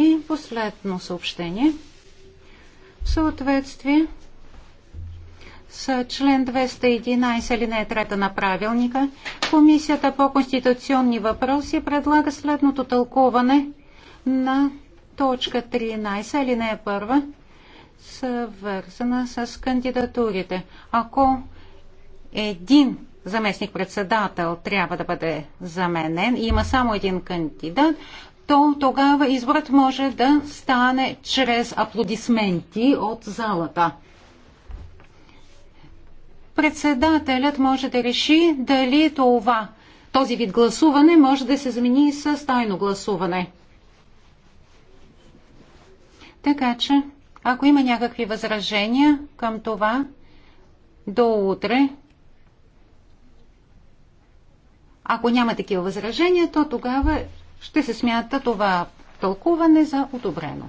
И последно съобщение. В съответствие с член 211 алинея 3 на правилника, Комисията по конституционни въпроси предлага следното тълкуване на точка 13 е 1, съвързана с кандидатурите. Ако един заместник-председател трябва да бъде заменен и има само един кандидат, то тогава изборът може да стане чрез аплодисменти от залата. Председателят може да реши дали това, този вид гласуване може да се замени с тайно гласуване. Така че, ако има някакви възражения към това, до утре ако няма такива възражения, то тогава ще се смята това тълкуване за одобрено.